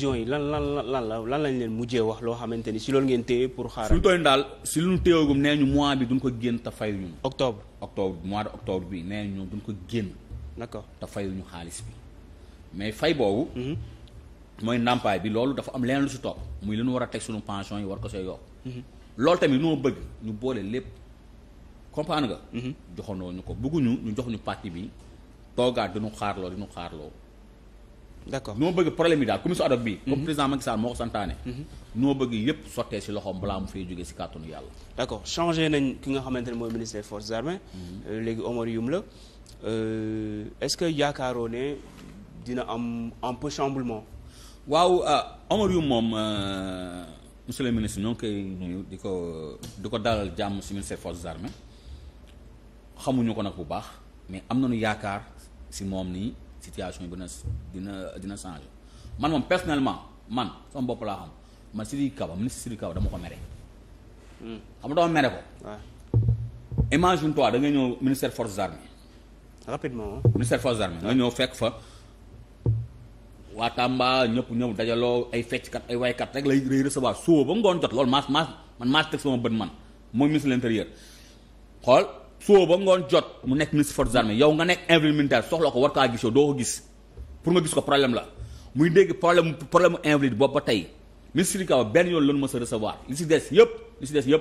décision yi lan lan lan la lan lañ leen mujjee wax loo xamante ni si loolu ngeen téye pour xaaral. suñu toll daal si lu ñu téyeegum nee ñu mois bi duñ ko génn te fayu ñu. octobre octobre mois de octobre bi nee ñu duñ ko génn. d'accord te fayu ñu xaalis bi mais fay boobu. Mhm. mooy ndàmpaay bi loolu dafa am leneen lu si topp muy li ñu war a teg suñu pension yi war ko see yokk. Mhm. loolu tamit noo bëgg ñu boole lépp comprendre nga. Mhm. joxandoo ñu ko bëgguñu ñu jox ñu parti bi toogaat duñu xaarloo duñu xaarloo. d'accord noo bëgg problème yi daal commission ad hoc bi comme mhm. président Macky Sall moo ko santaane mhm. noo bëgg yëpp sottee si loxoom balaa mu fay jógee si kàttanu yàlla d'accord changé nañ ki nga xamante ne mooy ministre des forces armées mhm. euh, léegi Omar la euh, est-ce que yaakaaroo ne dina am un peu chamboulement waaw ah, Omar Youm moom euh, monsieur le ministre ñoo ngi koy di ko du ko dalal jàmm si ministre des forces xamuñu ko nag bu baax mais am nañu yaakaar si moom nii situation bi dina dina dina changé man moom personnellement man sama bopp laa xam man Sidiki Kaba ministre Sidiki Kaba dama ko mere. Hmm. xam nga dama mere ko. waaw imagine toi da ngay ñëw ministère forces armées. rapidement. ministère forces armées nga ñëw fekk fa. waa Tamba ñëpp ñëw dajaloo ay fecckat ay waykat rek lay lay recevoir suba ba ngoon jot loolu maas maas man maas teg sama bët man mooy ministre de l'intérieur xool. soo ba ngoon jot mu nekk ministre forces armées yow nga nekk invalide militaire soxla ko war kaa gisoo doo ko gis pour nga gis ko problème la muy dégg problème problème invalide boobu ba tey ministre Sidiki Kaba benn yoon lañu mës a recevoir li si des yëpp li si des yëpp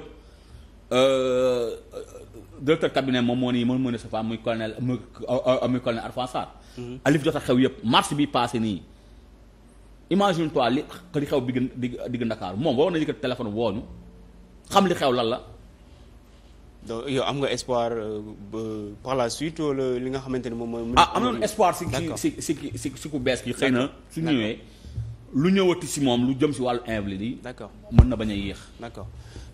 euh, directeur cabinet moom moo nii moom moo ni sa femme muy colonel muy euh, euh, colonel mhm. alif jot a xew yëpp mars bi passé nii imagine toi li li xew digg digg Ndakaaru moom waroon na yëkkati téléphone wooñu donc yow am nga espoir euh, par la suite wala li nga xamante ne moom mooy. ah am nañu espoir si si si si si ku bees ki xëy na su ñëwee. lu ñëwati si moom lu jëm si wàllu invalide yi. d'accord mën na bañ a yéex. d'accord.